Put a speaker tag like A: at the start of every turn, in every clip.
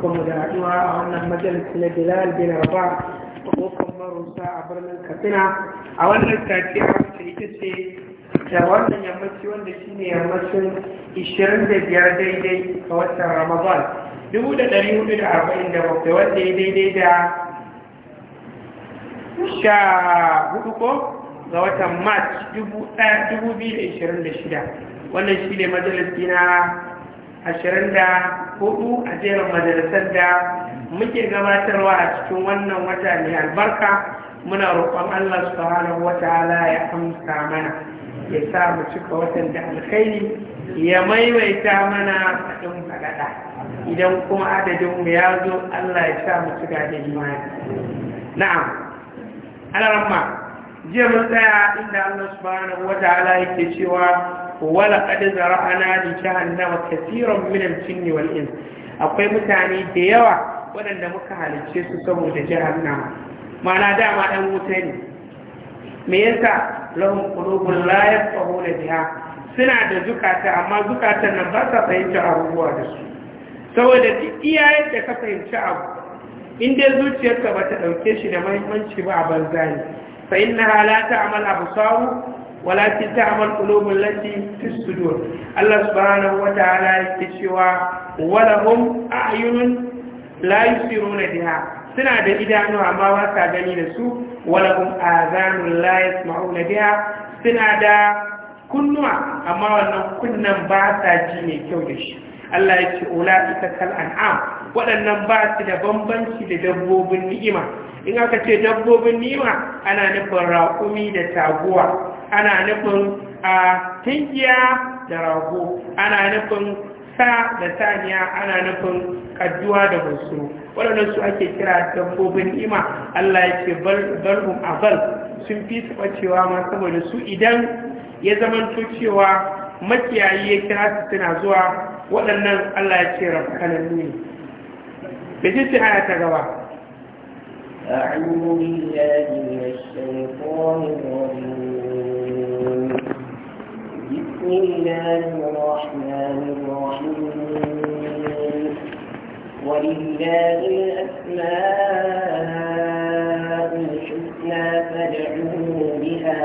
A: barkanmu da haɗuwa a wannan majalisi na bilal bin rabah abokan marusa a birnin katsina a wannan safiya wacce ita ce da wannan yammaci wanda shi ne yammacin 25 daidai a watan ramadan 1447 wanda ya daidai da 14 ko ga watan march 2026 wannan shi ne majalisi na hudu a jerin majalisar da muke gabatarwa a cikin wannan wata mai albarka muna roƙon Allah subhanahu ta'ala ya amsa mana ya sa mu cika watan da alkhairi ya maimaita mana faɗin faɗaɗa idan kuma adadin mu ya zo Allah ya sa mu cika da imani na'am alaramma jiya mun tsaya inda Allah subhanahu ta'ala yake cewa wala qad zara'ana li jahannama kaseeran min al-jinni wal ins akwai mutane da yawa waɗanda muka halicce su saboda jahannama mana dama ɗan wuta ne me yasa lahum qulubun la yafqahuna biha suna da zukata amma zukatan nan ba sa fahimta abubuwa da su saboda duk iyayen da ka fahimci abu in dai zuciyarka ba ta ɗauke shi da mahimmanci ba a banza ne fa inna la ta'mal absaru Wala ta ta'mal qulubul lati fi sudur Allah subhanahu ta'ala yake cewa hum a'yunun la yusiruna biha suna da idanu amma ba sa gani da su hum azanun la yasma'una biha suna da kunnuwa amma wannan kunnan ba sa ji mai kyau da shi Allah ya ce ula'ika kal an'am waɗannan ba su da bambanci da dabbobin ni'ima in aka ce dabbobin ni'ima ana nufin raƙumi da taguwa ana nufin a tingiya da rago ana nufin sa da saniya ana nufin kajuwa da musu waɗannan su ake kira dabbobin ima Allah ya ce balhum abal sun fi taɓa cewa ma saboda su idan ya zamanto cewa makiyayi ya kira su suna zuwa waɗannan Allah ya ce rafkanan ne da jinsi aya ta gaba
B: أعوذ بالله من الشيطان الرجيم الله الرحمن الرحيم ولله الأسماء الحسنى فادعوه بها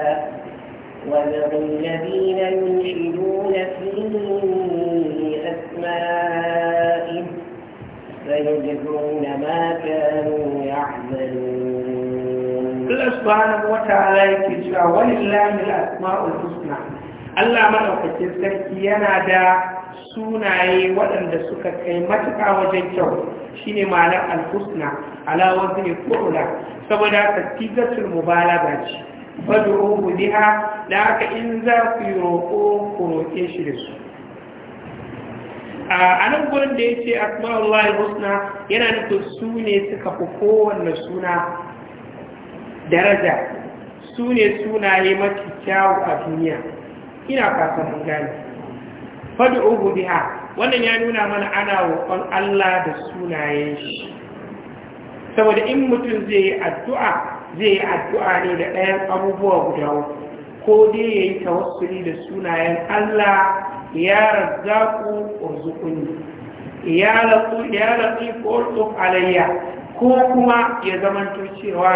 B: وذروا الذين يلحدون في أسمائه سيجزون ما كانوا يعملون الله سبحانه وتعالى يكتشف ولله الأسماء الحسنى
A: Allah maɗaukakin sarki yana da sunaye waɗanda suka kai matuƙa wajen kyau shine ma'anar alfusna alawar zai qula saboda ka mubala ba ce fad'uhu biha da haka in za ku yi roƙo ku roƙe shi da su a nan gudun da yace asma'ullahi husna yana nufin su ne suka fi kowanne suna daraja su ne sunaye mafi kyawu a duniya ina fatan mun gane fad'uhu biha wannan ya nuna mana ana roƙon Allah da sunayen shi saboda in mutum zai yi addu'a zai yi addu'a ne da ɗayan abubuwa guda uku ko dai ya tawassuli da sunayen Allah ya razzaku urzuquni ya laqu ya laqif urzuq alayya ko kuma ya zamanto cewa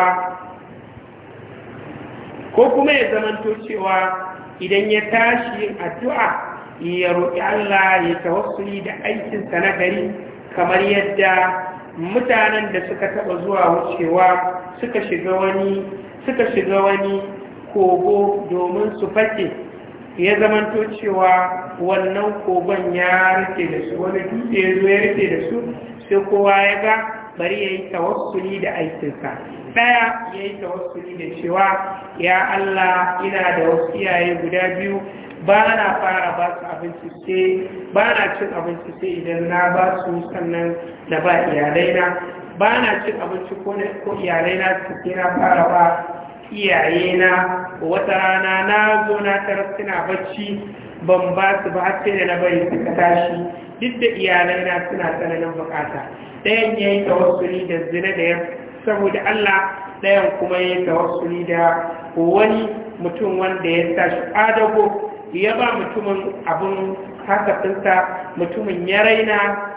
A: ko kuma ya zamanto cewa idan ya tashi yin addu'a ya roƙi Allah ya tawassuli da aikinsa na gari kamar yadda mutanen da suka taɓa zuwa wucewa suka shiga wani suka shiga wani kogo domin su fake ya zamanto cewa wannan kogon ya rufe da su wani dutse ya zo ya rufe da su sai kowa ya ga bari ya yi tawassuli da aikinsa ɗaya ya yi tawassuli da cewa ya Allah ina da wasu iyaye guda biyu ba na fara ba su abinci sai ba na cin abinci sai idan na ba su sannan da ba iyalaina ba na cin abinci ko iyalaina su ke na fara ba iyayena wata rana na zo na tarar suna bacci ban ba su ba har da na bari su ka tashi duk da iyalaina suna tsananin bukata ɗayan ya yi tawassuli da zina da ya saboda Allah ɗayan kuma ya yi tawassuli da wani mutum wanda ya sa shi adago ya ba mutumin abin hakafinsa mutumin ya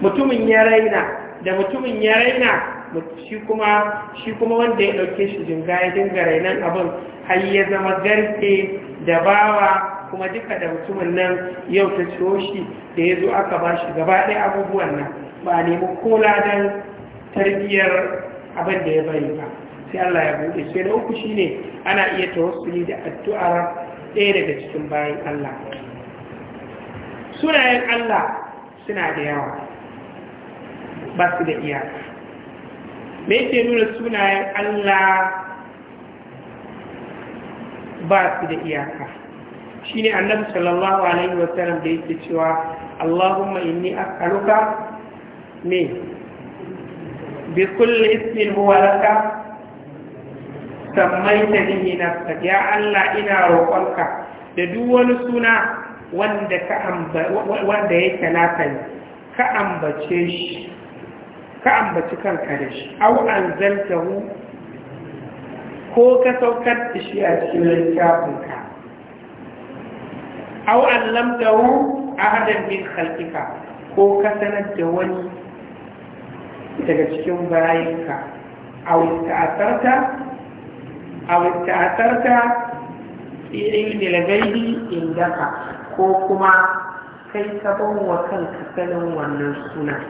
A: mutumin ya raina da mutumin ya raina shi kuma wanda ya dauke shi jinga ya dinga rainan abin har ya zama garke da bawa kuma duka da mutumin nan yau ta ciwo shi da ya zo aka ba shi gaba ɗaya abubuwan nan ba a nemi kola don tarbiyyar abin da ya bari ba sai Allah ya buɗe sai na uku shine ana iya tawassuli da addu'ar ɗaya daga cikin bayan Allah sunayen Allah suna da yawa ba su da iyaka me yake nuna sunayen Allah ba su da iyaka shi ne annabi sallallahu alaihi wasallam da yake cewa Allahumma inni as'aluka me bi kulli ismin huwa laka sammaita bihi nafsak ya Allah ina roƙonka da duk wani suna wanda ka wanda yake naka ne ka ambace shi ka ambaci kanka da shi au an zaltahu ko ka saukar da shi a cikin littafinka au an a ahadan min khalqika ko ka sanar da wani daga cikin bayinka a ta'atarta au ta'atarta fi ilmi lagaibi indaka ko kuma kai ka wa
B: kanka sanin wannan suna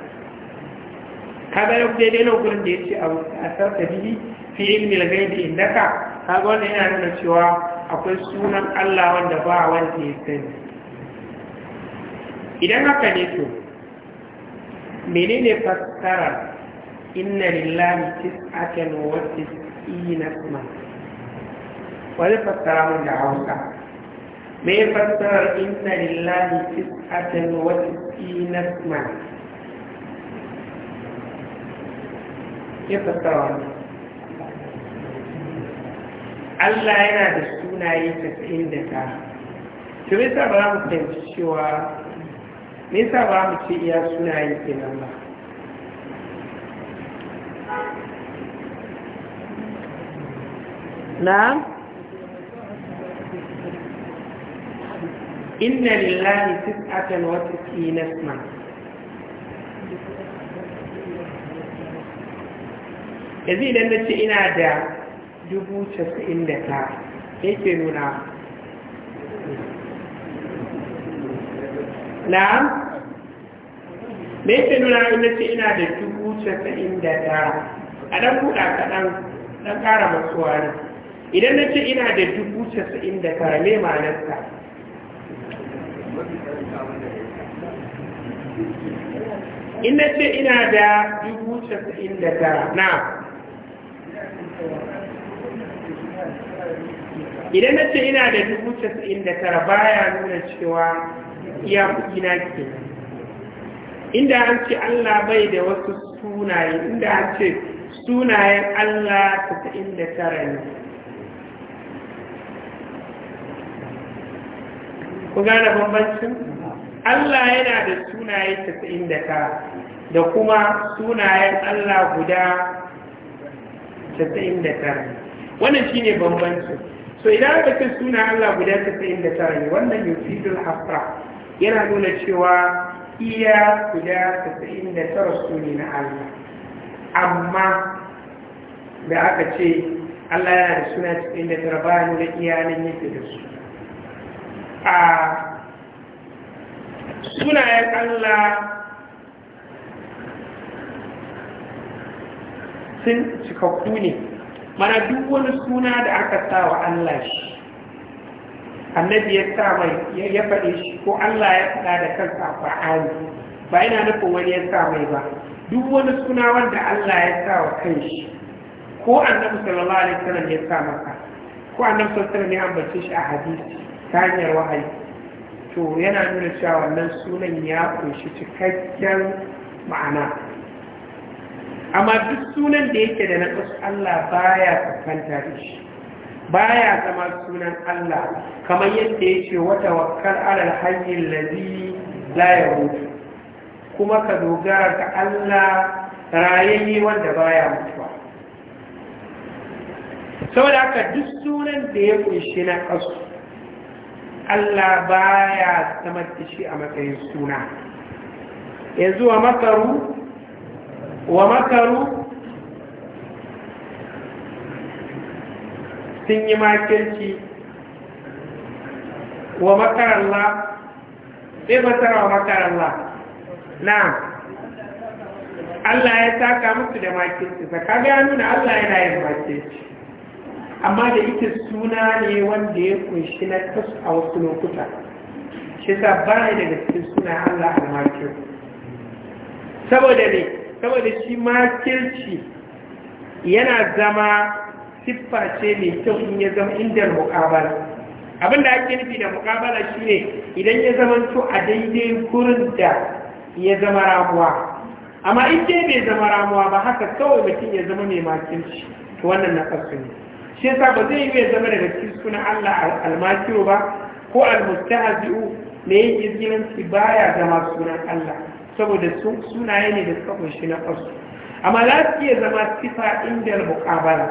A: kaga yau daidai na gurin da ya ce a sarta bihi fi ilmi lagaibi indaka kaga wanda yana nuna cewa akwai sunan Allah wanda ba wanda ya sani idan haka ne to menene fassara inna lillahi tis'atan wa tis'ina isman wani fassara mun da hausa me fassara inna lillahi tis'atan wa tis'ina isman ya fassara wannan Allah yana da sunaye da ta? me yasa ba mu fahimci cewa me ba mu ce iya sunaye ba na inna lillahi tis'atan wa tis'ina isman yanzu idan na ce ina da dubu casa'in da ta yake nuna na me yake nuna ina ce ina da dubu casa'in da tara a ɗan kuɗa kaɗan ɗan ƙara matsuwa ne idan na ce ina da dubu casa'in da tara ma ma'anarsa
C: in na ce ina
A: da dubu casa'in da tara na
C: idan na ce ina
A: da dubu casa'in da tara baya nuna cewa iya kuɗi na ke inda an ce allah bai da wasu sunaye inda an ce sunayen allah casa'in da tara ne ku gane bambancin allah yana da sunaye casa'in da tara da kuma sunayen allah guda casa'in da tara wannan shine bambanci so idan aka ce suna Allah guda casa'in da tara ne wannan yufidul hafra yana nuna cewa iya guda casa'in da tara su na Allah amma da aka ce Allah yana da suna casa'in da tara ba nuna iya nan yake da su a sunayen Allah sun cikakku ne mana duk wani suna da aka sa wa Allah shi annabi ya sa mai ya faɗe shi ko Allah ya faɗa da kansa a Qur'ani ba yana nufin wani ya sa mai ba duk wani suna wanda Allah ya sa wa kanshi ko annabi sallallahu alaihi wasallam ya sa maka ko annabi sallallahu alaihi wasallam ya ambace shi a hadisi ta hanyar wahayi to yana nuna cewa wannan sunan ya kunshi cikakken ma'ana amma duk sunan da yake da na naƙasu Allah baya kafanta da shi baya zama sunan Allah kamar yadda ya ce wata wakar alal hanyar lalzi laye yamut kuma ka dogara ga Allah rayayi wanda baya mutuwa saboda haka duk sunan da ya kunshi na ƙasu Allah baya samar da shi a matsayin suna yanzu wa makaru wa makaru sun yi makirci wa makaralla sai masara wa makaralla na Allah ya taka musu da makirci zaka ya nuna Allah yana yin makirci amma da ita suna ne wanda ya kunshi na kasu a wasu lokuta shi sa ba daga cikin suna Allah a makirci saboda ne saboda shi makirci yana zama siffa ce mai kyau in ya zama inda mukabala abin da ake nufi da mukabala shi ne idan ya zama to a daidai gurin da ya zama ramuwa amma in dai bai zama ramuwa ba haka kawai mutum ya zama mai makirci to wannan na ƙasu ne shi yasa ba zai yi ya zama daga cikin suna Allah almakiro ba ko almustahazi'u me yin izgilanci baya zama sunan Allah saboda sunaye ne da suka kunshi na ƙasu amma za su iya zama sifa inda muƙabala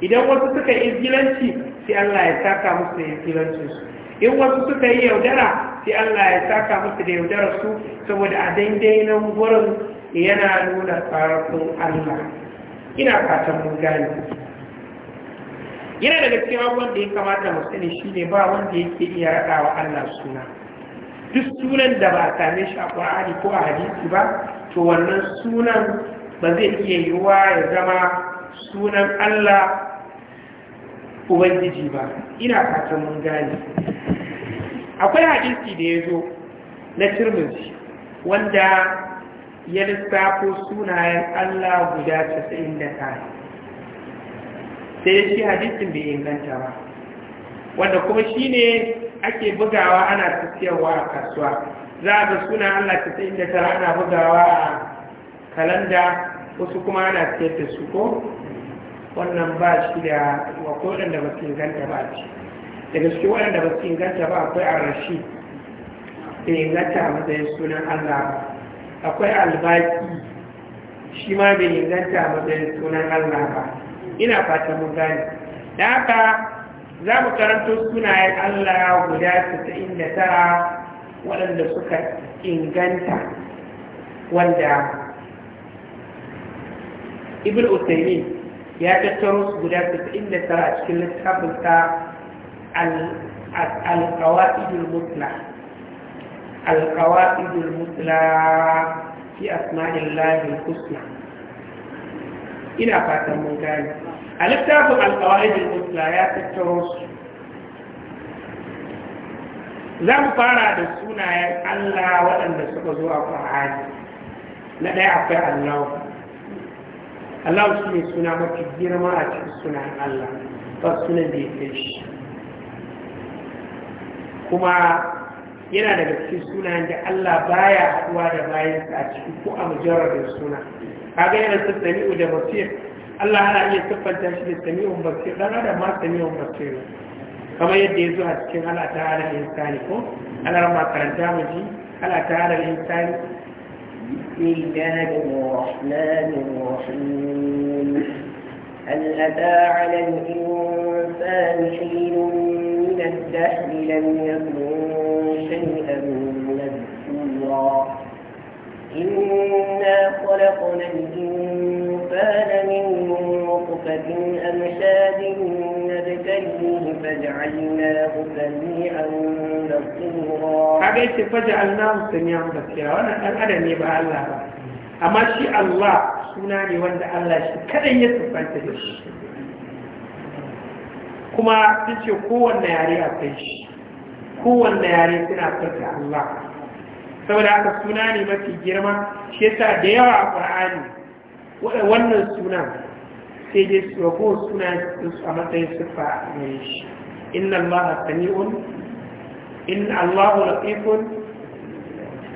A: idan wasu suka yi filanci, sai Allah ya saka musu da su, in wasu suka yi yaudara sai Allah ya saka musu da yaudara su, saboda a daidai na wurin yana nuna tsarafin Allah ina fatan mun gane yana daga cikin wanda ya kamata mu sani shine ba wanda yake iya raɗawa Allah suna duk sunan da ba a same shi a ƙwa'ari ko a hadisi ba to wannan sunan ba zai iya yiwuwa ya zama sunan allah ubangiji ba ina fatan mun gane akwai hadisi da ya zo na turmuzi wanda ya lissafo sunayen allah guda 99 sai da shi hadisin bai inganta ba wanda kuma shi ne ake bugawa ana tafiyarwa a kasuwa za a ga suna allah 99 ana bugawa a kalanda wasu kuma ana siyar da su ko wannan ba shi da wako waɗanda ba su inganta ba ce daga cikin waɗanda ba su inganta ba akwai arashi da inganta a matsayin sunan allah akwai albaki shi ma bai inganta a matsayin sunan allah ba ina fata mun gane da haka za mu karanto sunayen Allah guda 99 waɗanda suka inganta wanda ibn Usaimin ya tattaro su guda 99 a cikin littafinsa al-qawaidul mutla al-qawaidul mutla fi asma'illahi husna ina fatan mun gane a littafin alƙawarin musla ya tattaro su za mu fara da sunayen allah waɗanda suka zo a ƙwa'ani na ɗaya akwai allahu allahu shi ne suna mafi girma a cikin sunayen allah ba sunan da ya kai shi kuma yana daga cikin sunayen da Allah baya haɗuwa da bayansa a ciki ko a da suna kaga yana sassani da basir Allah ana iya siffanta shi da sami'un basir dan adam ma sami'un basir kamar yadda ya zo a cikin Allah ta'ala insani ko Allah ma karanta mu ji Allah ta'ala insani
B: بسم الله الرحمن الرحيم هل أتى على الإنسان حين من الدهر لم يكن شيئا مذكورا إنا خلقنا الإنسان فجعلناه سميعا بصيرا هذا يتي ne ba Allah
A: ba. Amma shi Allah suna ne wanda Allah shi kadan ya كدن da shi. kuma sun ce kowanne yare kai shi kowanne yare suna fata Allah saboda haka suna ne mafi girma shi yasa da yawa a ƙwar'ani wannan suna sai dai su suna a matsayin siffa mai shi إن الله سميع إن الله لطيف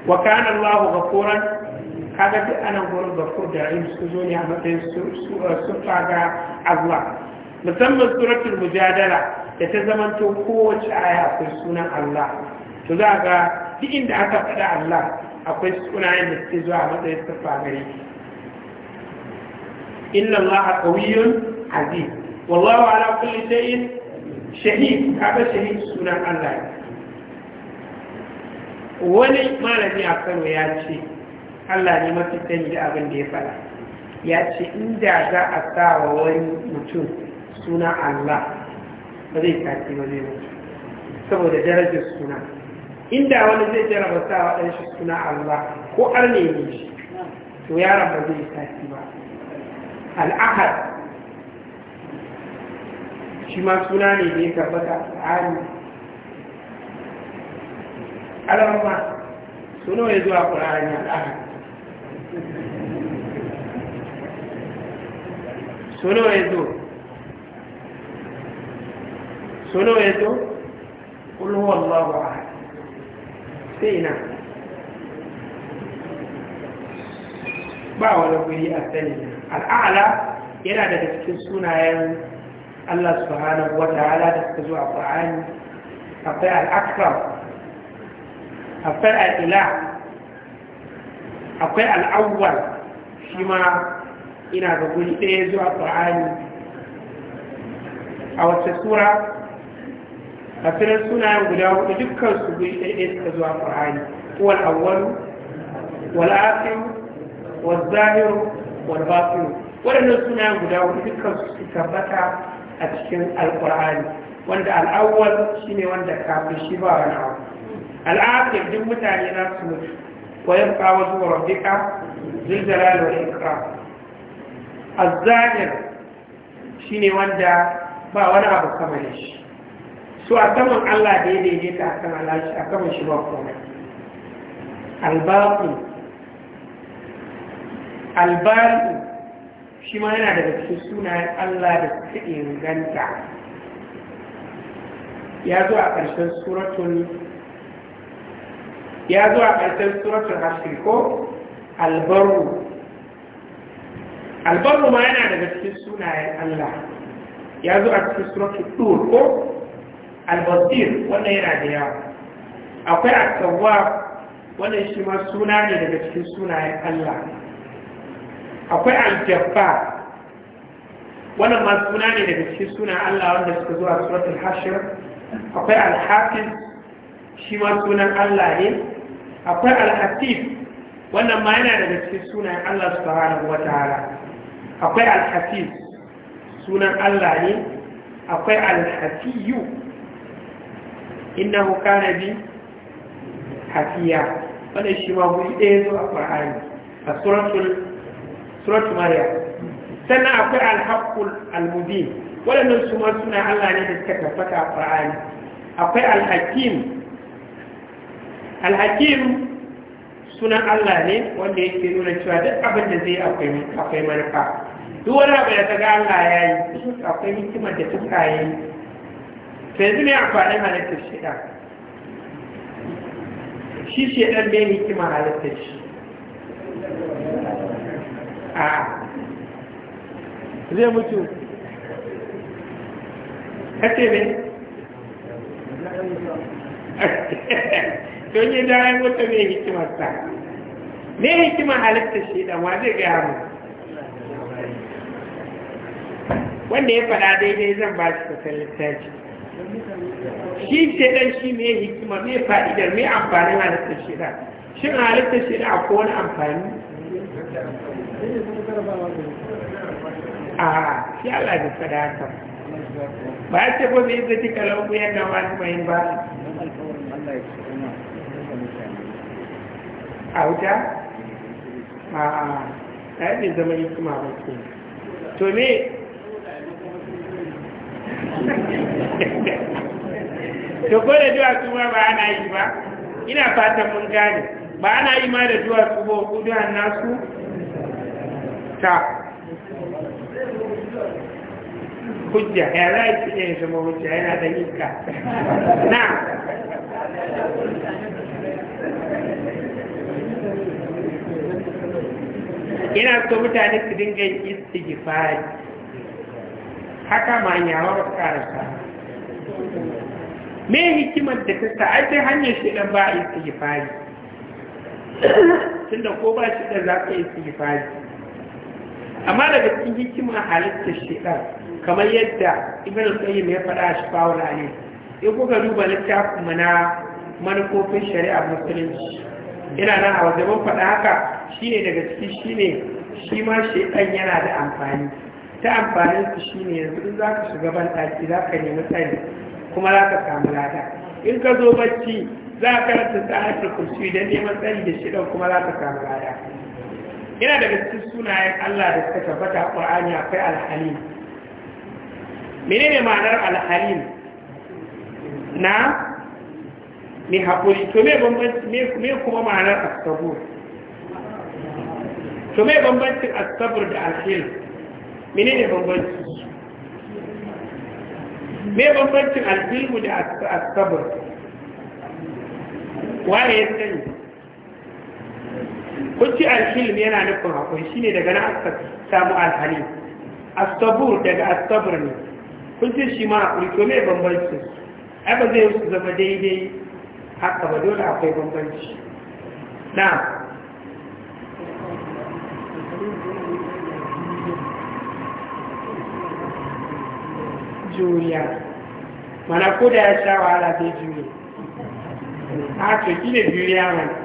A: وكان الله غفورا kaga duk ana gurin da ko da in zo ne matsayin sufa ga Allah musamman suratul mujadala da ta zamanto kowace aya akwai sunan Allah to za ga duk inda aka faɗa Allah akwai sunayen da suke zuwa a matsayin sufa inna aziz wallahu ala shahid kaga shahid sunan Allah wani malami a Kano ya ce Allah ne mafi sani da abin da ya fara ya ce inda za a sa wa wani mutum suna Allah ba zai tafi ba zai mutu saboda darajar suna inda wani zai jaraba sa wa ɗan shi suna Allah ko arne ne shi to yaron ba zai tafi ba al'ahar shi ma suna ne da ya tabbata al'ani alamma suna ya zuwa ƙura'ani al'ahad suna ya zo suna ya zo ƙulhuwan lawa sai na ba wani guri a sani al'ala yana daga cikin sunayen Allah subhanahu wa ta'ala da suka zuwa a Qur'ani akwai al'akram, akwai al'ila, akwai al-awwal shi ma ina ga guri ɗaya zuwa Qur'ani a wace sura a sunan sunayen guda hudu dukkan su guri ɗaya suka zuwa Qur'ani wal awwal wal akhir wal zahir wal batin waɗannan sunayen guda hudu dukkan su suka bata a cikin alkur'ani wanda al'awwal ne wanda kafin shi ba wani abu al'akhir duk mutane na su mutu kawo yabqa wajhu rabbika dhul da wal ikram az shi ne wanda ba wani abu ne shi su a saman Allah da ya ta a kan alashi a saman shi ba kuma Albarku. Albarku. shi ma yana daga cikin sunayen Allah da suka inganta ya zo a ƙarshen suratun ya zo a ƙarshen suratun hashir ko albaru albaru ma yana daga cikin sunayen Allah ya zo a cikin suratun dur ko albasir wannan yana da yawa akwai akawa wannan shi ma suna ne daga cikin sunayen Allah akwai aljabba wannan ma suna ne daga cikin suna Allah wanda suka zo a suratul hashir akwai alhafiz shi ma sunan Allah ne akwai alhatif wannan ma yana daga cikin sunan Allah subhanahu wataala akwai alhatif sunan Allah ne akwai alhatiyu, innahu kana bi hafiya wannan shi ma guri ɗaya zo a Qur'ani a suratul surat mariya sannan akwai alhaqqul almubin waɗannan su ma suna Allah ne da suka tabbata a Qur'ani akwai alhakim alhakim sunan Allah ne wanda yake nuna cewa duk abin da zai akwai akwai manufa duk wani abu da ta ga Allah ya yi akwai hikimar da tuka ya yi sai zai ne amfani halittar shida shi ɗan bai hikima halittar shi A'a zai mutu kace ne don yi dayan wata mai hikimarsa ne hikimar halittar shi dan wa zai gaya mu wanda ya faɗa daidai zan ba shi kasar littafi shi ce dan shi mai hikima mai fa'idar mai amfanin halittar shaidan shin halittar shaidan akwai wani amfani a shi Allah da
C: sadaka ba ya
A: ce gobe zai ci kalau ku yana wani mai
C: ba a wuta
A: a a ya ce zama yi kuma ba ke to ne to ko da duwatsu ma ba ana yi ba ina fatan mun gane ba ana yi ma da duwatsu ba ku duwan nasu
C: hujja
A: hujja ya za a cikin iya zama hujja yana da iska na Ina so mutane su dinga yin istighfari haka ma wa karasa me hikimar da ta sa ai hanyar shi dan ba istighfari tunda ko ba shi da za ka istighfari amma daga cikin hikima halittar shekar kamar yadda ibn al-qayyim ya faɗa shi bawul ne in kuka duba littafin mu na manufofin shari'a musulunci ina nan a wajen mun faɗa haka shine daga ciki shine shi ma shaitan yana da amfani ta amfanin su shine yanzu in za ka shiga ban ɗaki za ka nemi tsari kuma za ka samu lada in ka zo bacci za ka karanta sa'atul kursi don neman tsari da shaitan kuma za ka samu lada yana daga cikin sunayen Allah da suka tabbata a Qur'ani akwai al mene ne ma'anar al na mai haƙuri to me kuma ma'anar as to me bambancin as da al mene ne bambanci me bambancin al da as Wa ware ya sani kun ci alhilm yana nufin haƙuri shine daga na aka samu alhali astabur daga astabur ne kun shi ma haƙuri to me bambanci ai ba zai su zama daidai haka ba dole akwai bambanci na juriya mana ko da ya sha wahala zai jure a to shi ne juriya mai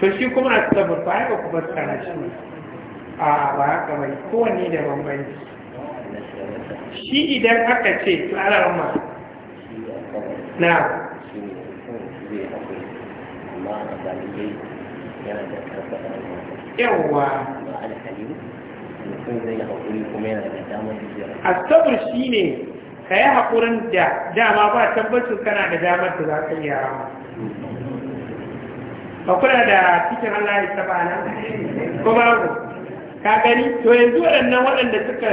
A: to shi kuma a sabur ba haka ku fassara shi a ba haka bai kowanne da bambanci shi idan aka ce tsarar
C: na yawwa a
A: tsabar shi ne ka yi haƙurin da dama ba tabbacin kana da damar da za ka iya rama ba da cikin Allah ya saba na ko babu ka gani to yanzu waɗannan waɗanda suka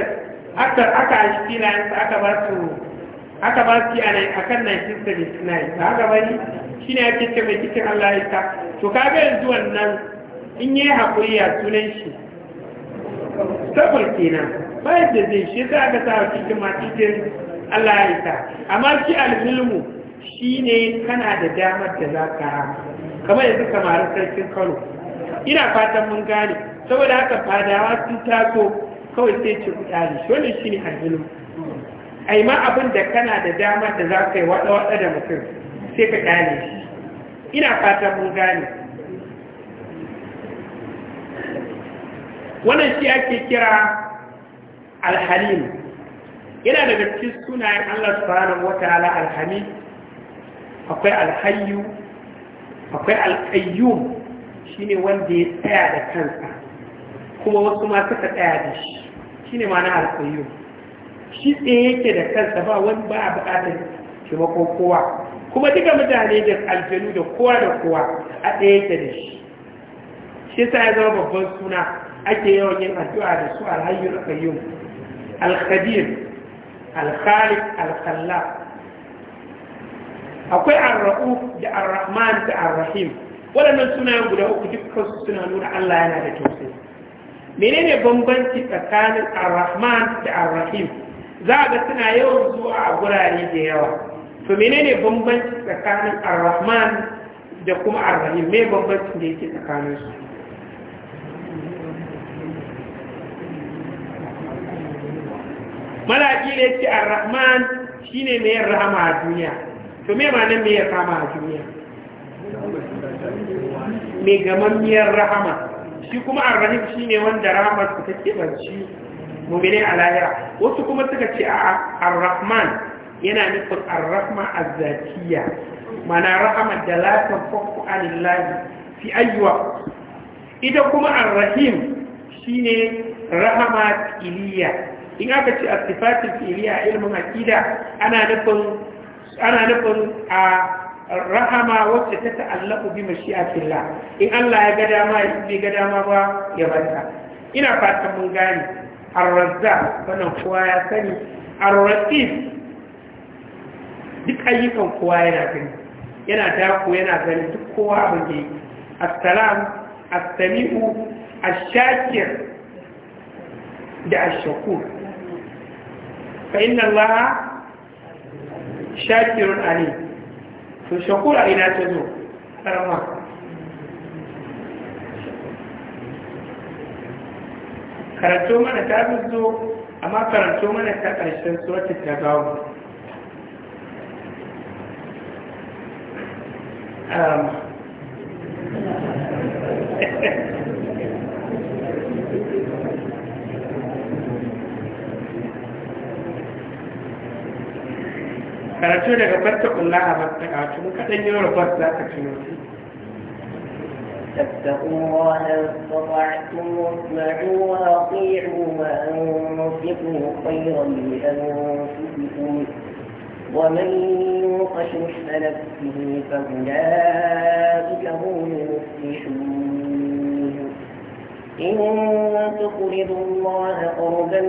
A: aka aka shi filayen aka ba su aka ba su yana akan 1979 ba haka shi ne ake ce mai cikin Allah ya ta to kaga yanzu wannan in yi haƙuri a sunan shi saboda kenan bayan da zai shi za a ga sa cikin cikin Allah ya ta amma shi alhilmu shi ne kana da damar da za ka kamar yanzu kamarin sarkin kano ina fatan mun gane saboda haka fadawa sun taso kawai sai ce kudari shi wani shi ne alhinin yi ma abin da kana da damar da za ka yi waɗa-waɗa da mutum sai ka gane shi ina fatan mun gane wannan shi ake kira alhalim yana daga cikin sunayen allah subhanahu wataala alhamid akwai alhayyu akwai shi ne wanda ya tsaya da kansa kuma wasu ma suka tsaya da shi shine ma na alƙayyum shi tsaye yake da kansa ba wani ba a buƙatar taimakon kowa kuma duka mutane da aljanu da kowa da kowa a tsaye yake da shi shi sa ya zama babban suna ake yawan yin addu'a da su alhayyul qayyum al-qadir al akwai ar da arrahman da arrahim waɗannan suna guda uku dukkan su suna nuna Allah yana da tausayi menene bambanci tsakanin arrahman da arrahim za a ga suna yawan zuwa a gurare da yawa to menene bambanci
C: tsakanin arrahman
A: da kuma arrahim me bambancin da yake tsakanin su malaki ne ce arrahman shine mai rahama a duniya to me ma nan me ya kama a duniya me miyar rahama shi kuma arrahim shi ne wanda rahama su ta kebanci mummine a lahira wasu kuma suka ce a arrahman yana nufin arrahma a zakiya mana Rahama da latin fakku alillahi fi ayyuwa ita kuma arrahim shi ne rahama tsiliya, in aka ce a sifatin a ilmin akida ana nufin ana nufin a rahama wacce ta ta'allaku bi fila in Allah ya ga dama ya bai ga dama ba ya barka ina fatan mun gane ar-razzaq wannan kowa ya sani ar duk ayyukan kowa yana gani yana dako yana gani duk kowa abin da yake assalam as-sami'u a shakir da ashakur shakur fa inna Allah shakirun ali to shakura ina ta zo karama karanto mana ta zo amma karanto mana ta ƙarshen suratun ta gawo
C: um,
A: karatu daga fatta kulla a fatta karatu mun kaɗan yi rufar za ka ci mutu
C: فاتقوا الله
B: استطعتم واسمعوا واطيعوا وانفقوا خيرا لانفسكم ومن يوق شح نفسه فاولئك هم المفلحون Ina تقرضوا الله قرضا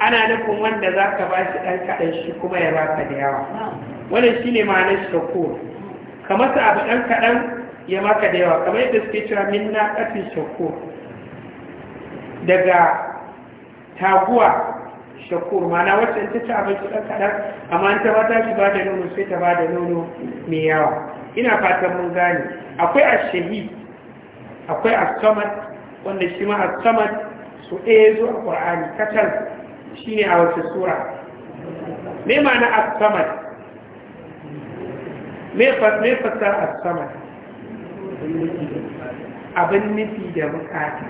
A: ana nufin wanda za ka ba shi ɗan kaɗan shi kuma ya ba ka da yawa wani shi ne ma'anar shakur ka masa abu ɗan kaɗan ya ba ka da yawa kamar yadda suke cewa min na ƙafin shakur daga taguwa shakur mana wacce ta ci abinci ɗan kaɗan amma an ta ta shi ba da nono sai ta ba da nono mai yawa ina fatan mun gane akwai ashahi akwai asamad wanda shi ma asamad su ɗaya zo a ƙwar'ani kacal shi ne a wace sura me mana asamad me fasar asamad abin nufi da bukata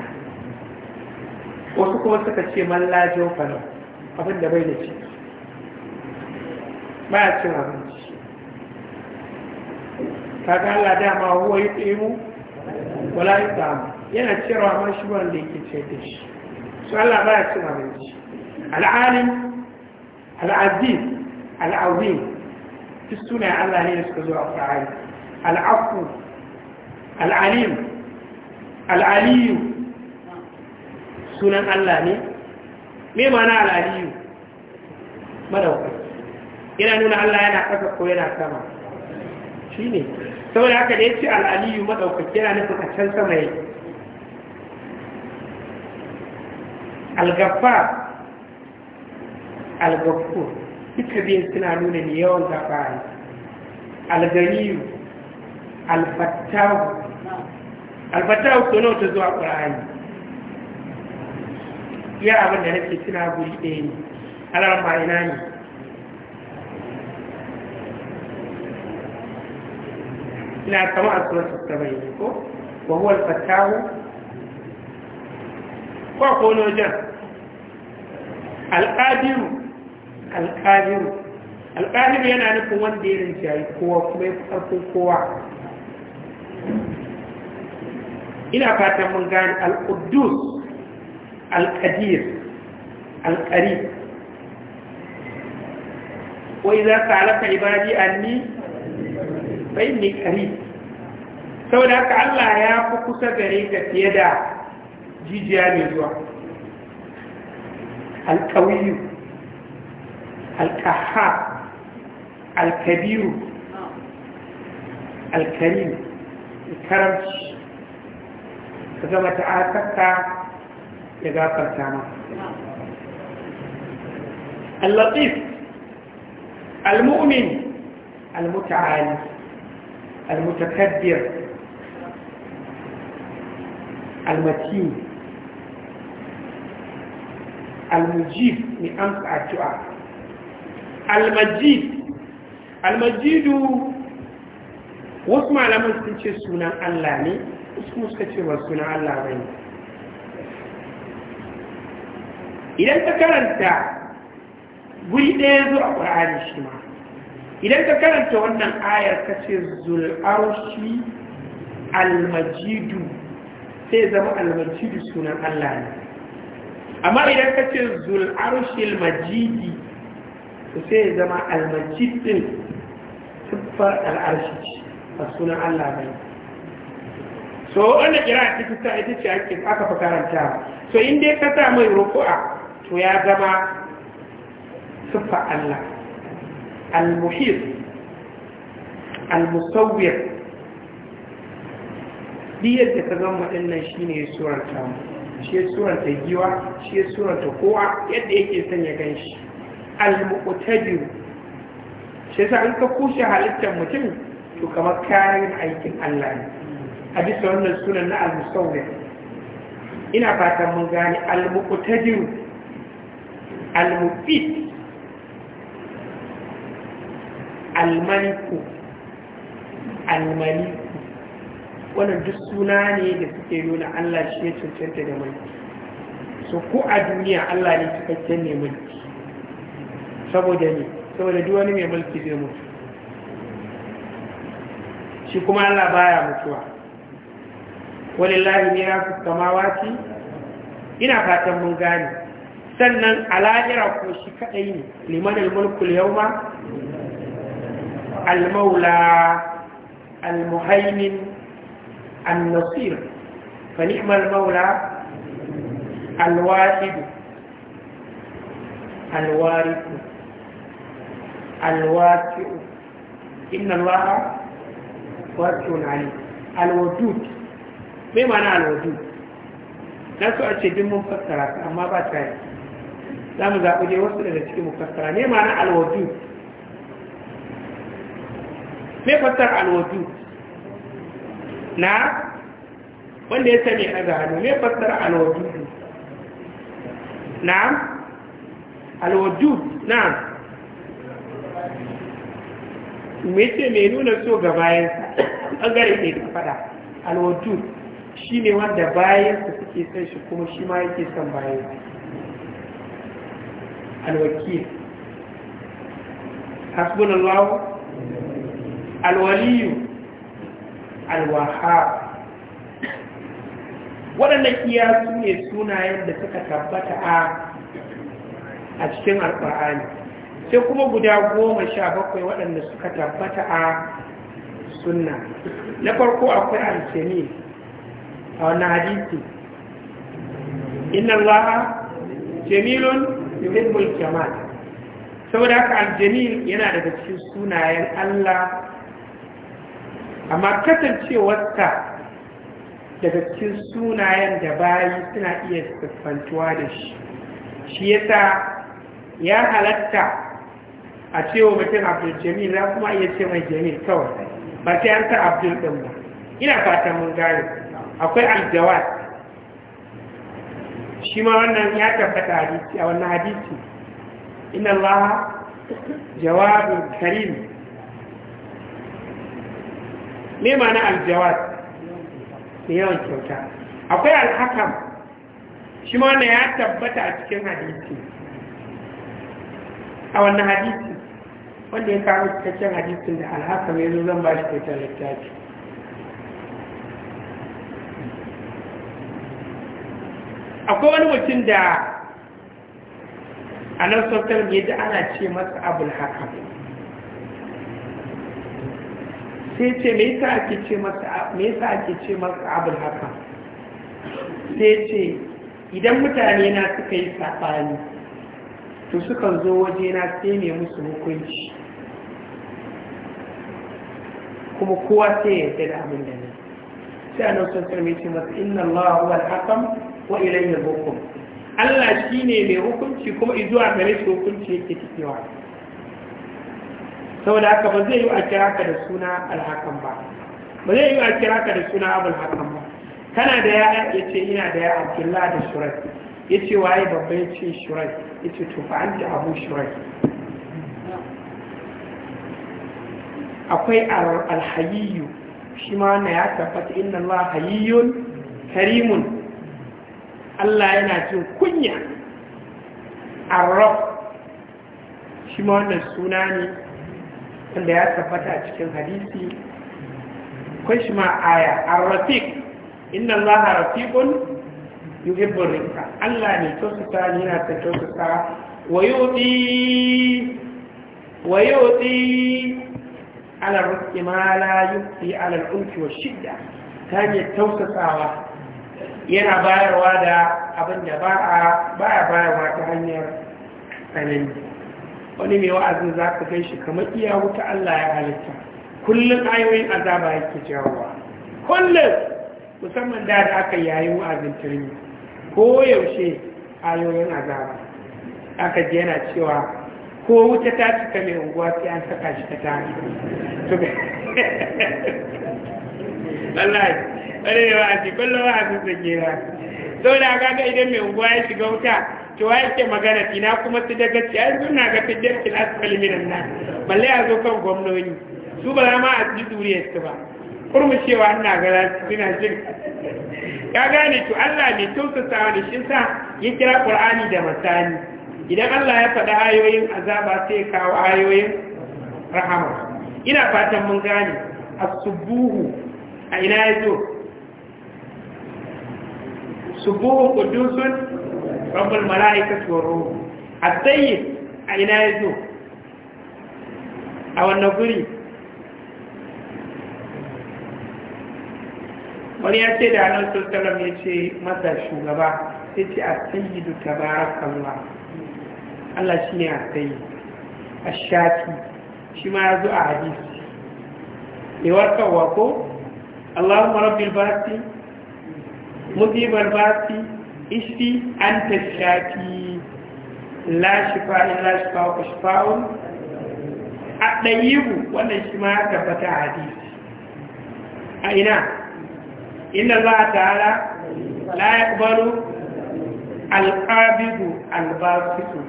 A: wasu kuma suka ce mallajin falau abin da bai da ci baya cin abinci kaga Allah dama huwa yi tsimu wala yi tsamu yana cewa ma shi wanda yake ce da shi su Allah baya cin abinci al'alim al'aziz al'azim duk sunayen Allah ne da suka zo a ƙwa'ari al'afu al'alim al'aliyu sunan Allah ne me mana al'aliyu madauka yana nuna Allah yana ƙasa ko yana sama shi ne saboda haka da ya ce al'aliyu madaukaki yana nufin a can sama yake algaffa algafu duka biyan suna nuna ne yawan gafari alganiyu alfattahu alfattahu ko nawa zuwa ƙura'ani iya abin da nake tuna guri ɗaya ne alarma ina ne ina kama a suratul bai ne ko wa huwa fattahu ko ko no jan al-qadiru al yana nufin wanda ya rinjayi kowa kuma ya farko kowa ina fatan mun gane al القدير القريب وإذا سألت عبادي أني فإني قريب سوى ذلك الله يا فكس غريك يدا جيجيا نجوا القوي القهار الكبير الكريم الكرم كما تعاتبت ya gafarta ma al-latif al-mu'min al-muta'ali al-mutakabbir al-matin al-mujib ni amsa addu'a al-majid al-majidu wasu malamin sun ce sunan Allah ne wasu kuma suka ce ba sunan Allah bane idan ka karanta guri ɗaya zuwa a ƙwararri shi ma idan ka karanta wannan ayar ka ce zul'arshi almajidu sai zama almajidu sunan Allah ne amma idan ka ce zul'arshi almajidi sai zama almajidin tuffar al'arshi a sunan Allah ne so wanda kira a cikin sa ita ce ake aka fa karanta so inda ya kasa mai ruku'a to ya zama sufa Allah al muhir al-musawwir diyar da ta zama waɗannan shi ne ya ta mu shi ya ta giwa shi ya ta kowa yadda yake sanya gan shi al-muqtadir shi sai an ka kushe halittar mutum to kamar kayan aikin Allah ne a bisa wannan sunan na al-musawwir ina fatan mun gane al-muqtadir al-mufid al-maliku wannan duk suna ne da suke nuna Allah shi ya cancanta da mulki so ko a duniya Allah ne cikakken ne mulki saboda ne saboda duk wani mai mulki zai mutu shi kuma Allah baya mutuwa walillahi ne ya fi kamawati ina fatan mun gane sannan alajira ko shi kadai ne liman al-mulku al-yawma al-maula al-muhaimin an-nasir fa ni'ma al-maula al-wahid al-warith al-wasi' inna allaha wasi'un 'alim al-wadud me ma'ana al-wadud nasu a ce din mun fassara amma ba ta yi za mu zaɓi dai wasu daga cikin mufassara ne ma na alwaju me fassar alwaju na wanda ya sani a hannu me fassar alwaju na alwaju na mece mai nuna so ga bayansa ɓangare ne da fada alwaju shi ne wanda bayansa suke son shi kuma shi ma yake son bayansa alwakil hasbunallahu alwaliyu alwahab waɗannan kiyasu ne sunayen da suka tabbata a cikin alƙur'ani sai kuma guda goma sha bakwai waɗanda suka tabbata a sunna na farko akwai alkemi a wannan hadisi inna allaha jamilun yuhibbul jamal saboda haka aljamil yana daga cikin sunayen Allah amma kasancewarsa daga cikin sunayen da bayi suna iya siffantuwa da shi shi yasa ya halatta a cewa mutum abdul jamil za kuma iya ce mai jamil kawai ba sai an ta abdul ɗin ba ina fatan mun gane akwai aljawad shi ma wannan ya tabbata hadisi a wannan hadisi inna Allah jawabun karim me mana aljawab ne yawan kyauta akwai alhakam shi ma wannan ya tabbata a cikin hadisi a wannan hadisi wanda ya kawo cikakken hadisin da alhakam ya zo zan ba shi kyautar littafi akwai wani mutum da a nan sautar ya da ana ce masa abul haka sai ce me yasa ake ce masa abul haka sai ce idan mutane na suka yi saɓani to sukan zo waje na sai ne musu hukunci kuma kowa sai ya yarda da abin da ne sai a nan sautar mai ce masa inna Allah wa al-hakam wa ilayhi hukum Allah shine mai hukunci kuma izuwa gare shi hukunci yake tafiya saboda haka ba zai yi a kira ka da suna alhakan ba ba zai yi a kira ka da suna abul hakan ba kana da yaya ya ce ina da yaya abdullah da shurai ya ce waye babba ya ce shurai ya ce to fa anta abu shurai akwai alhayiyu shi ma wannan ya tabbata inna allah hayiyyun karimun Allah yana jin kunya rock shi ma wannan suna ne wanda ya tabbata cikin hadisi kun shi ma aya arrafiq inna allaha rafiqun yuhibbu rifqa Allah ne kyautata ne yana ta kyautata wa yu'ti wa ala rifqi ma la yu'ti ala al-ulfi wa shidda ta ne tausasawa. yana bayarwa da abin da ba a bayarwa ta hanyar tsanani wani mai wa'azin za ka gan shi kamar iya wuta Allah ya halitta kullum ayoyin azaba yake jawowa kullum musamman da da aka yayin wa'azin turmi ko yaushe ayoyin azaba aka ji yana cewa ko wuta ta cika mai unguwa sai an saka shi ta tari
C: wani ne
A: wa'azi kullum wa'azi su ke ba sau da kaga idan mai unguwa ya shiga wuta to wa yake magana ina kuma su daga ci ai suna ga fiddar fil asfali minan nan balle a zo kan gwamnoni su ba za ma a ji duriyar su ba kurmushewa ina ga suna jin ya gane to Allah mai tausasawa wani shi sa ya kira Kur'ani da masani idan Allah ya faɗi ayoyin azaba sai ya kawo ayoyin rahama ina fatan mun gane asubuhu. a ina ya zo? subuhun kudusun rabbul mala'ikatu war ruh at-tayyib a ina ya zo. a wannan guri wani ya ce da annabi sallallahu ya ce masa shugaba sai ce a at-tayyidu tabarakallah Allah shine a tayyib a shafi. shi ma zo a hadisi ne warkarwa ko Allahumma rabbil basit musibar basi ishi an ta shafi lashifa in lashifa ku shifa'un a ɗayibu wannan shi ma tabbata hadisi a ina inda za a tara, la ya ƙubaru alƙabidu albasitu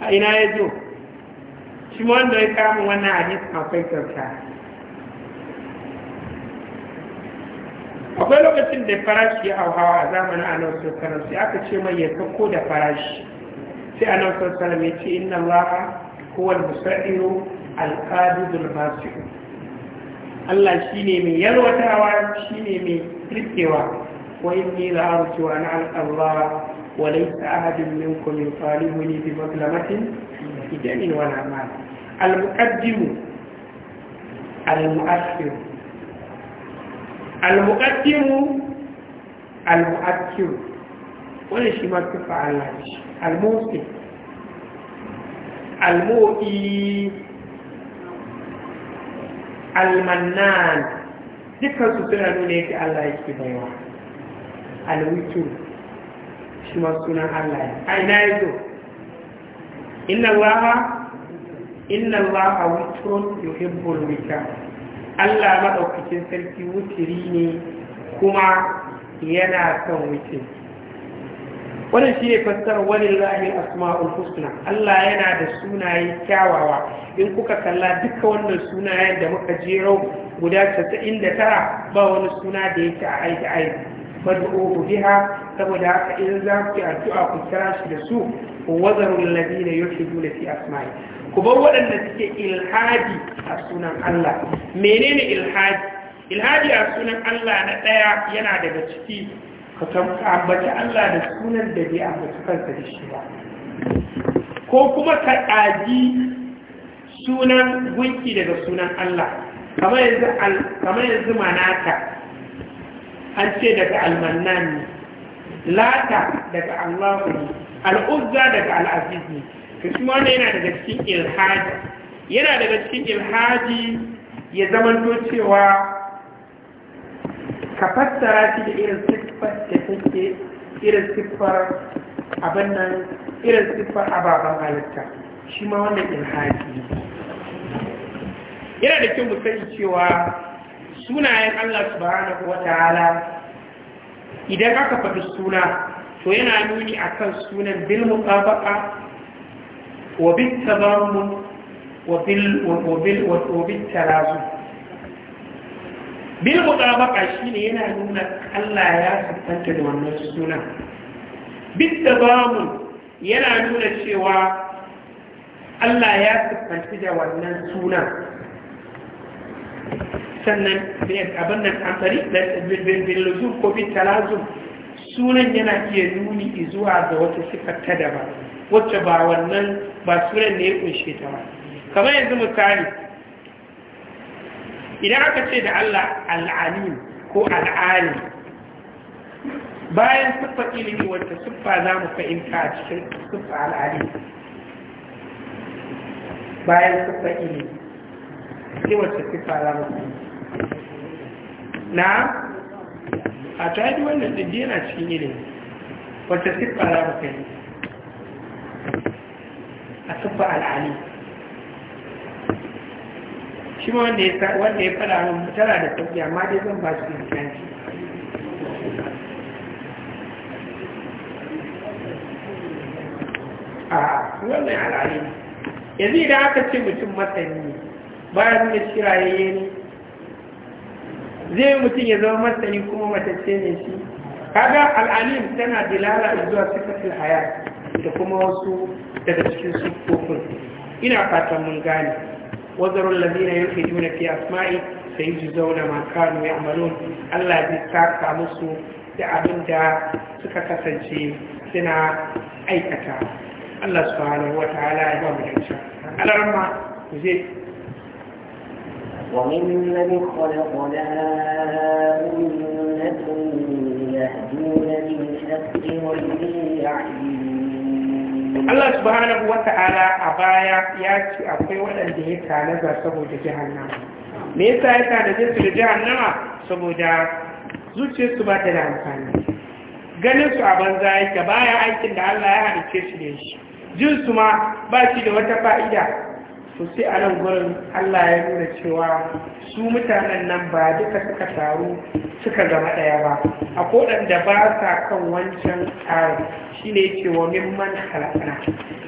A: a ina ya zo shi wanda ya kama wannan hadisi akwai kyauta akwai lokacin da farashi ya hauhawa a zamanin annabi sallallahu sai aka ce mai ya tako da farashi sai annabi sallallahu ya ce inna allaha huwa al-musairu al-qadidul basir Allah shine mai yalwatawa shine mai rikewa wa inni la arju an al-allah wa laysa ahadun minkum yutalibuni bi mablamatin idanin wa al-muqaddim al-mu'akhir al-muqaddimu al-mu'akkir wannan shi shi al-musi al-mu'i al-mannan dukkan su suna nuna yake Allah yake baiwa al-witur shi ma sunan Allah ya ai na yazo inna Allah inna Allah Allah maɗaukacin sarki wuturi ne kuma yana son wuce wannan shi ne fassar wani lahi asma'ul husna Allah yana da sunaye kyawawa in kuka kalla duka wannan sunayen da muka jero guda 99 ba wani suna da yake a aiki aiki ku biha saboda haka idan za ku yi addu'a ku kira da su wazaru alladhina yulhiduna fi asma'i ku bar waɗanda suke ilhadi a sunan Allah menene ilhadi ilhadi a sunan Allah na ɗaya yana daga ciki
C: ka ambaci Allah da
A: sunan da bai ambaci kansa da shi ba ko kuma ka ɗaji sunan gunki daga sunan Allah kamar yanzu manata an ce daga almannan ne lata daga allahu ne al'uzza daga al'aziz ne to shi wanda yana daga cikin ilhaji yana daga cikin ilhaji ya zamanto cewa ka fassara shi da irin siffar da take irin siffar abin nan irin siffar ababen halitta shi ma wannan ilhaji yana da kyau mu sani cewa sunayen Allah subhanahu wataala idan aka faɗi suna to yana nuni akan sunan bil mutabaqa wa bil tadammum wa bil wa bil wa bil tarazu bil mutabaqa shine yana nuna Allah ya sabanta da wannan sunan bil tadammum yana nuna cewa Allah ya sabanta da wannan sunan sannan abin nan amfani bilozum ko bitalazum sunan yana iya nuni zuwa ga wata siffar ta daba wacce ba wannan ba sunan ne ya kunshe ta ba kamar yanzu misali idan aka ce da Allah al'alim ko al'alim bayan siffa ilimi wacce siffa za mu fahimta a cikin siffa al'alim bayan siffa ilimi sai wacce siffa za mu fahimta na a taji wannan ɗaji yana cikin ne, wata siffa za mu kai a siffa al'ali shi ma wanda ya fada min tara da tafiya amma dai zan ba su inganci
C: a wannan
A: al'ali yanzu idan aka ce mutum masani bayan da shirayayye ne zai mutum ya zama masani kuma matacce ne shi kaga al'alim tana dilala zuwa sifatul haya da kuma wasu daga cikin sufofin ina fatan mun gane wazarul ladina yulhiduna fi asma'i sayujzauna ma kanu ya'malun Allah zai saka musu da abin da suka kasance suna aikata Allah subhanahu
B: wa ta'ala ya ba mu dace Allah zai ومن خلقنا أمة يهدون بالحق وبه يعدلون
A: Allah subhanahu wa ta’ala a baya ya ce akwai waɗanda ya tanaza saboda jihannama. Me ya sa ya tanaza su da jihannama saboda zuciyarsu ba ta da amfani. Ganin su a banza yake baya aikin da Allah ya harice shi da shi. Jinsu ma ba shi da wata fa’ida to sai a nan gurin Allah ya nuna cewa su mutanen nan ba duka suka taru suka zama ɗaya ba a da ba sa kan wancan tsarin shi ne yake wa mimman halakana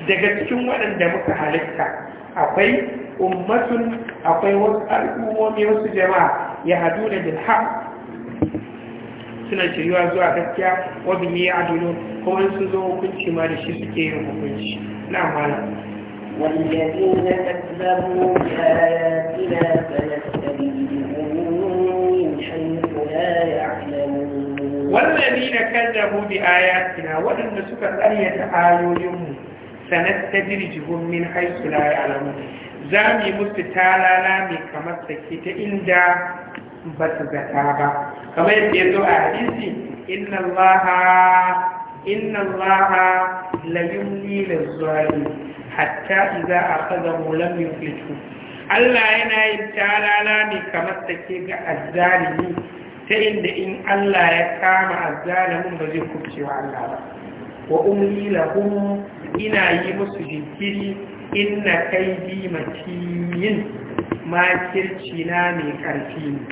A: daga cikin waɗanda muka halitta akwai ummatun akwai wasu al'ummomi wasu jama'a ya hadu da bilhaq suna shirya zuwa gaskiya wa bihi ya kuma sun zo hukunci ma da shi suke yin hukunci na
B: malam والذين كذبوا بآياتنا فنستدرجهم من حيث لا يعلمون والذين
A: كذبوا بآياتنا ولن سكت أية
B: آيوهم
A: سنستدرجهم من حيث لا يعلمون زامي مستتالا لامي كما سكت إندا بس زكابا كما يبدو أحديثي إن الله إن الله ليملي للظالمين hatta idza akhadahu lam yuflihu Allah yana yin talala ne kamar take ga azzalimi ta inda in Allah ya kama azzalimin ba zai kubce wa Allah ba wa umri lahum ina yi musu jinkiri inna kaidi matiyin makirci na mai karfi ne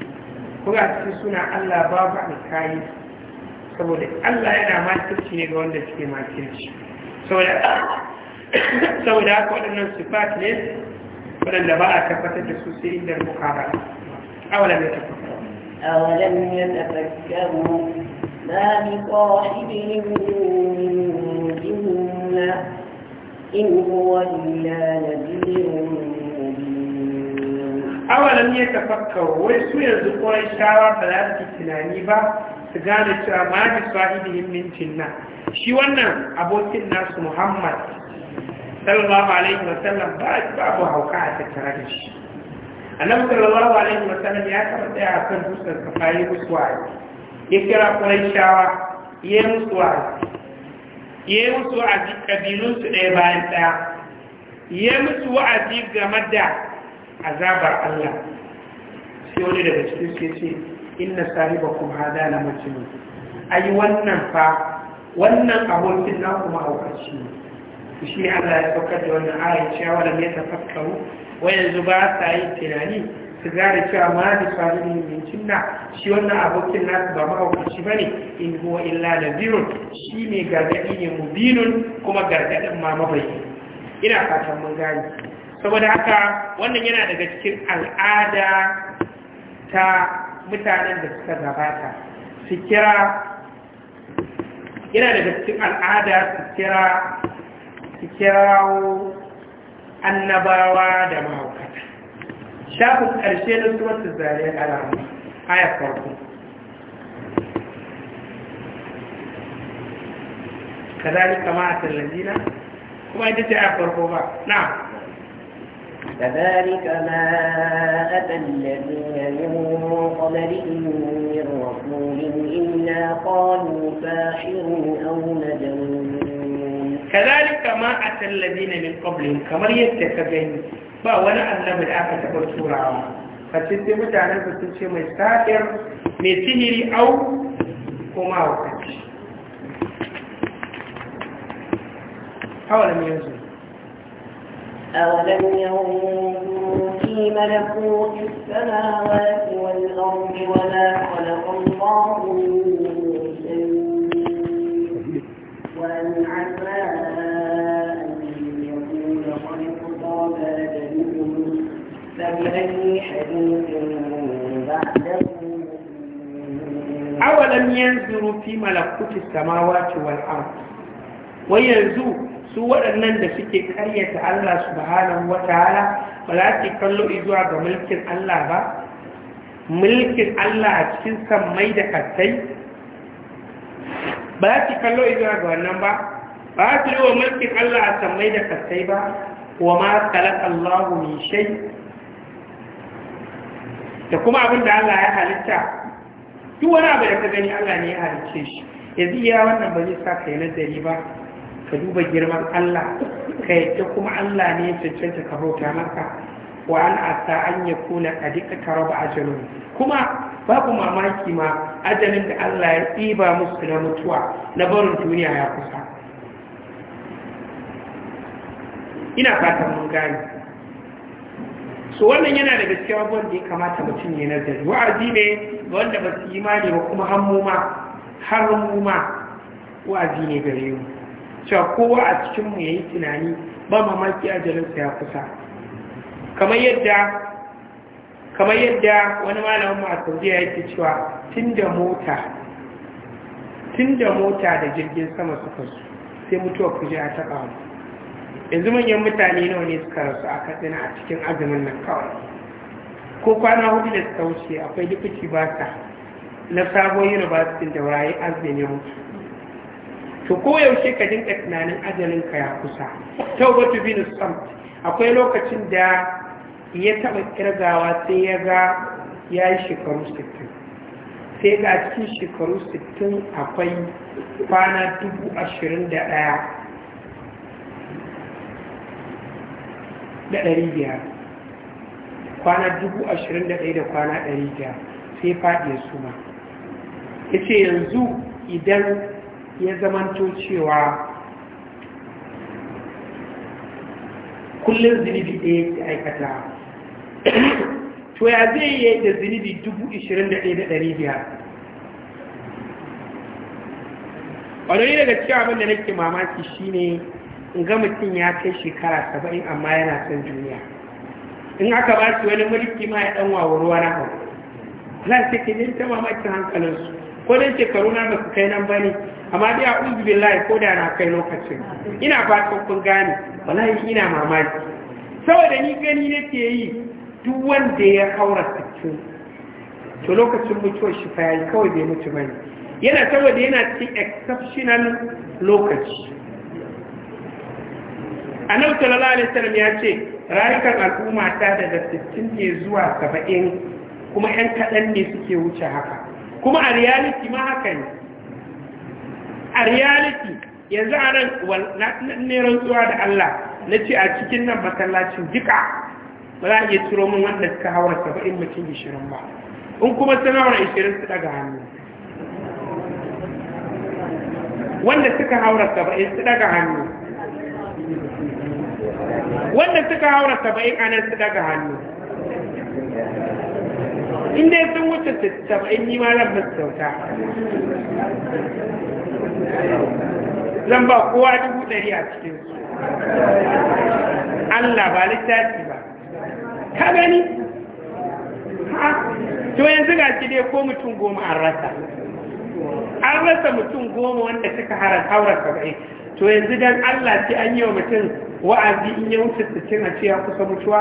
A: kuma suna Allah babu alkayi saboda Allah yana makirci ne ga wanda suke makirci
C: saboda
A: saboda haka waɗannan sifat ne waɗanda ba a tabbatar da su sai inda mukabala
B: awalan ya tafakkaru awalan ya tafakkaru ma bi sahibihim min jinna in huwa illa nabiyun mubin awalan ya
A: tafakkaru wai su yanzu kurai shawa ba za su tunani ba su gane cewa ma bi sahibihim min jinna shi wannan abokin nasu muhammad sallallahu alaihi ba babu hauka a tattara da shi annabi sallallahu alaihi sallam ya kama tsaya a kan dutsen safa ya musu ya kira shawa ya yi musu wa'azi ya yi musu wa'azi kabilunsu ɗaya bayan ɗaya ya yi musu wa'azi game da azabar Allah sai wani daga cikin sai ce inna sahibakum hada la majnun ai wannan fa wannan abokin na kuma aukaci ne shi Allah ya saukar da wannan ayin cewa lam yatafakkaru wa Wayanzu ba sa yi tunani su gane cewa ma da sahibi min jinna shi wannan abokin nasu ba mahaukaci ba ne in huwa illa nadirun shi ne gargaɗi ne mubinun kuma gargaɗin ma mabayi ina fatan mun gane saboda haka wannan yana daga cikin al'ada ta mutanen da suka gabata su kira yana daga cikin al'ada su kira كاو النباوة دماغك شاف الشيء اللي سوت الزاوية على هاي الفرق كذلك كذلك ما
B: أتى الذين من قبلهم من رسول إلا قالوا ساحر أو مجنون
A: كذلك ما أتى الذين من قبلهم كما
B: يتكبين فأولا وانا من الآفة تقول سورة فتسي
A: متعنى فتسي مستاكر سهري أو كما وقت
B: أولم ينزل أولم ينظروا في ملكوت السماوات والأرض ولا خلق الله فبأي حديث بعده أولم
A: ينظروا في ملكوت السماوات والأرض وينزو su waɗannan da suke karyata Allah subhanahu wa ta'ala ba za su kallo izuwa ga mulkin Allah ba mulkin Allah a cikin sammai da kasai ba za su kallo izuwa ga wannan ba ba za su yi wa mulkin Allah a sammai da kasai ba wa ma kalak Allah min shai da kuma abin da Allah ya halitta duk wani abu da ka gani Allah ne ya halicce shi yanzu iya wannan ba zai sa ka yi nazari ba ka duba girman Allah ka yadda kuma Allah ne ya cancanta ka bauta maka wa an asa an ya kuna a duka taro raba ajalun kuma babu mamaki ma ajalin da Allah ya ɗiba musu na mutuwa na barin duniya ya kusa ina fatan mun gane. Su wannan yana da gaskiya abubuwan da ya kamata mutum ya nazari wa'azi ne ga wanda ba su imani ba kuma hammuma har muma wa'azi ne gare mu cewa kowa a cikin mu yayi tunani ba mamaki ajalin sa ya kusa kamar yadda wani malamin mu a Saudiya yake cewa tunda mota mota da jirgin sama suka sai mutuwa kuje ta taba yanzu manyan mutane nawa ne suka rasu a katsina a cikin azumin nan kawai ko kwana hudu da suka wuce akwai ba ta na sabon university da wuraye azumin ya mutu to koyaushe ka dinka tunanin ka ya kusa Ta taubatu na samt akwai lokacin da ya taɓa kirgawa sai ya ga ya yi shekaru 60 sai ga cikin shekaru 60 akwai kwana da 21 da ɗari biyar kwana dubu ashirin da ɗaya da kwana ɗari biyar sai faɗi ya suma. ya ce yanzu idan ya zamanto cewa kullum zunubi ɗaya ya aikata to ya zai yi da zunubi dubu ashirin da ɗaya da ɗari biyar wadda daga cewa abin da nake mamaki shine in ga mutum ya kai shekara saba'in amma yana son juniya in aka ba su wani mulki ma ya dan wawo ruwa na hau lan ce ke jin ta mamakin hankalinsu ko dan shekaru na ba su kai nan ba ne amma dai a uzu layi ko da na kai lokacin ina fatan kun gane wallahi ina mamaki saboda ni gani na ke yi duk wanda ya haura sittin to lokacin mutuwar shi fa yi kawai bai mutu bane yana saboda yana cikin exceptional lokaci annabi sallallahu alaihi wasallam ya ce rayukan al'umma ta daga 60 ne zuwa 70 kuma ƴan kaɗan ne suke wuce haka kuma a reality ma haka ne a reality yanzu a ran ne zuwa da Allah na ce a cikin nan masallacin duka ba za a iya ciro min wanda suka hawa 70 mutum 20 ba in kuma sanawar 20 su daga hannu wanda suka haura 70 su daga hannu wanda suka haura saba'in a nan su daga hannu inda ya sun wuce saba'in yi ma zan musu kyauta zan ba kowa dubu ɗari a cikin Allah ba littafi ba
C: ka gani ha to
A: yanzu ga shi dai ko mutum goma an rasa an rasa mutum goma wanda suka haura saba'in to yanzu dan Allah sai an yi wa mutum wa'azi in ya wuce tsakin a ce ya kusa mutuwa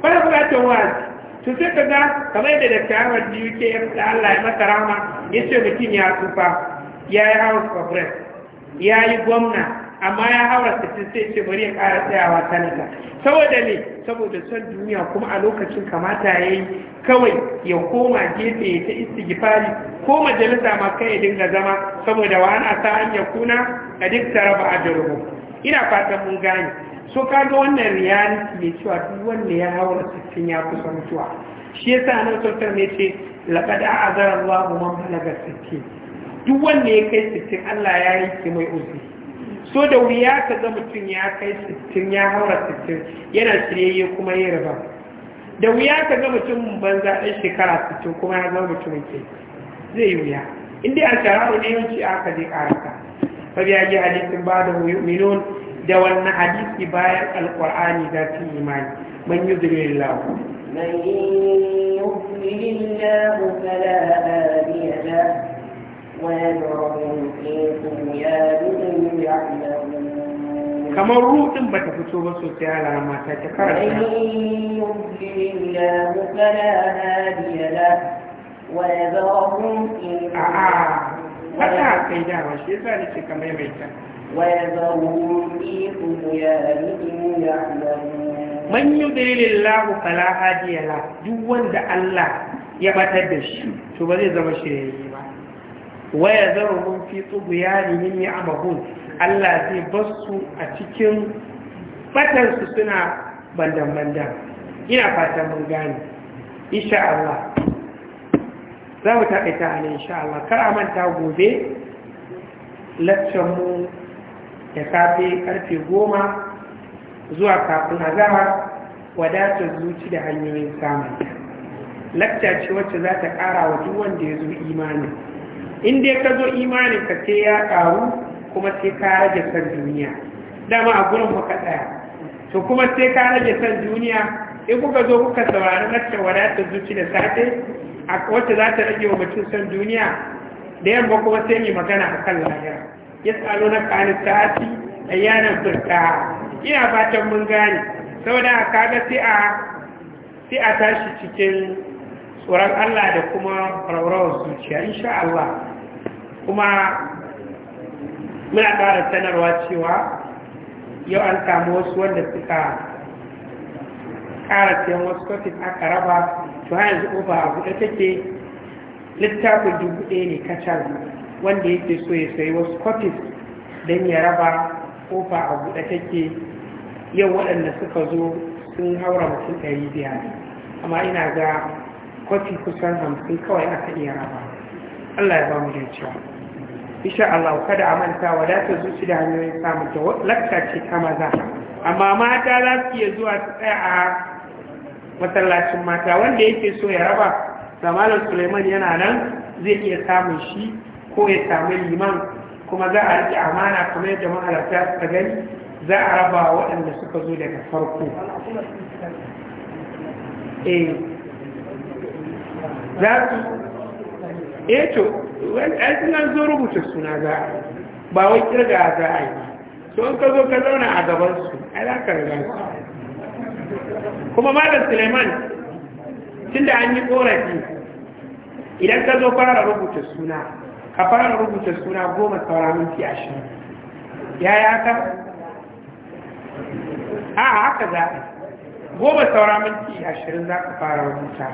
A: ba da bukatar wa'azi to sai ka ga kamar da Dr. da biyu ke yan da Allah ya masa rama ya ce mutum ya tsufa ya yi house of rest ya yi gwamna amma ya haura sittin sai ce bari ya ƙara tsayawa ta nika saboda ne saboda son duniya kuma a lokacin kamata ya yi kawai ya koma gefe ya ta gifari, ko majalisa ma kai ya dinga zama saboda wa ana sa an ya kuna a duk ba a jirgin ina fatan mun gane so ka ga wannan reality ne cewa duk wanda ya haura cikin ya kusa mutuwa shi ya sa nan sautar ne ce a a'azara Allahu man balaga sittin duk wanda ya kai sittin Allah ya yi ki mai uzuri so da wuya ka ga mutum ya kai sittin ya haura sittin yana shiryayye kuma yin riba da wuya ka ga mutum banza ɗan shekara sittin kuma ya zama mutumin ke zai yi wuya inda a shara ne yanci aka zai karata fa biya ji hadisin ba da minon da wannan hadisi bayan alƙur'ani za su yi imani man yi zubirin lahu
B: من يضلل الله فلا هادي له kuma ya طغيانهم kamar
A: ruɗin ba ta fito ba sosai alama ta ta karanta
B: ويذرهم في wata kai dama shi yasa nake ka maimaita
A: man dalilin lahu fala hadiya la duk wanda Allah ya batar da shi to ba zai zama shirye ba waya zarhum fi tugyanihim amahun. Allah zai basu a cikin batansu suna bandan-bandan ina fatan mun gane insha Allah za mu taɓaita ne insha Allah kar a manta gobe mu da safe karfe goma zuwa kafin azama wadatar zuci da hanyoyin samun lakta ce wacce za ta ƙara wa duk wanda ya zo imanin in dai ka zo imanin ka sai ya ƙaru kuma sai ka rage san duniya dama a gurin muka tsaya to kuma sai ka rage san duniya in kuka zo kuka saurari laccar wadatar zuci da safe a wacce za ta rage wa mutum san duniya da yamma kuma sai mai magana a kan lahira ya tsaro na kanin sati a yanar birka ina fatan mun gane saboda a kaga sai a tashi cikin tsoron allah da kuma raurawar zuciya insha allah kuma muna ƙara sanarwa cewa yau an samu wasu wanda suka ƙara siyan wasu kofin aka raba to hanyar zuɓo ƙofa a buɗe take littafin dubu ɗaya ne kacal wanda yake so ya sayi wasu kofin don ya raba ba a buɗe take yau waɗanda suka zo sun haura mutum ɗari biyar amma ina ga kofi kusan hamsin kawai aka iya raba Allah ya ba mu da cewa insha Allah kada a manta wadatar zuci da hanyoyin samun ta lakta ce ta maza amma mata za su iya zuwa su tsaya a masallacin mata wanda yake so ya raba zamanin suleiman yana nan zai iya samun shi ko ya samu liman kuma za a riƙe amana kamar yadda mahalarta suka gani za a raba waɗanda suka zo daga farko
C: eh, za su eh
A: to ai suna zo rubuta suna za a ba wai kirga za a yi so in ka zo ka zauna a gaban su, ai za ka riga
C: su kuma malam suleiman
A: tun da an yi korafi idan ka zo fara rubuta suna ka fara rubuta suna goma saura minti ashirin ya yi haka? a haka za goma saura minti ashirin za ka fara rubuta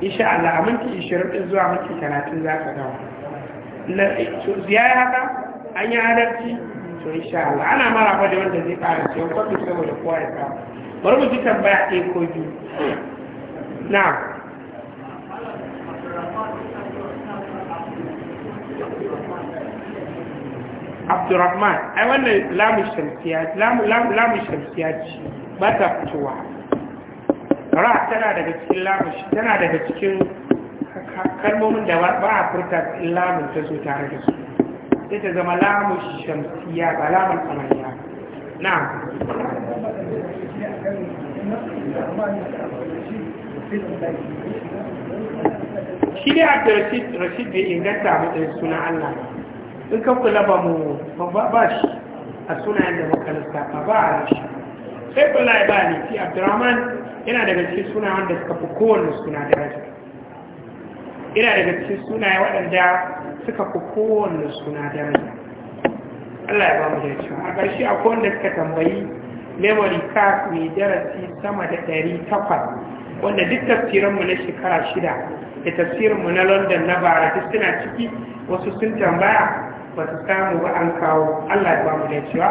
A: insha Allah a minti ishirin ɗin zuwa minti talatin za ka to ziyara haka an yi adalci. to insha Allah ana maraba da wanda zai fara siyan kwafi saboda kowa ya samu bari mu ji tambaya ɗaya ko biyu na
C: Abdurrahman
A: ai wannan lamu shamsiya lamu lamu shamsiya ce ba ta fitowa ra tana daga cikin lamun tana daga cikin kalmomin da ba a furta lamun ta zo tare da su sai ta zama lamun shamsiya ba lamun samaniya na shi ne a rashid rashid bai inganta a matsayin suna allah in ka kula ba mu ba shi a sunayen da muka lissafa ba a rashi sai kula ba ne fi abdurrahman yana daga cikin suna wanda suka fi kowanne suna daraja yana daga cikin suna waɗanda suka fi kowanne suna daraja Allah ya ba mu da a ƙarshe akwai da suka tambayi memory card mai darasi sama da ɗari takwas wanda duk tafsirinmu na shekara shida da tafsirinmu na london na bara duk suna ciki wasu sun tambaya وتسامو وأنكاو الله يبام ليتشوا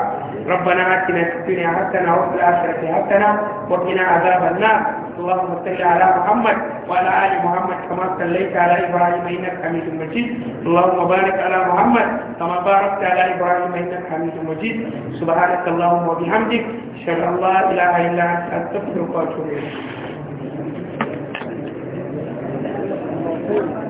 A: ربنا آتنا في الدنيا حسنة وفي الآخرة حسنة وقنا عذاب النار اللهم صل على محمد وعلى آل محمد كما صليت على إبراهيم إنك حميد مجيد اللهم بارك على محمد كما باركت على إبراهيم إنك حميد مجيد سبحانك اللهم وبحمدك أشهد أن لا إله
C: إلا أنت أستغفرك وأتوب إليك Thank you.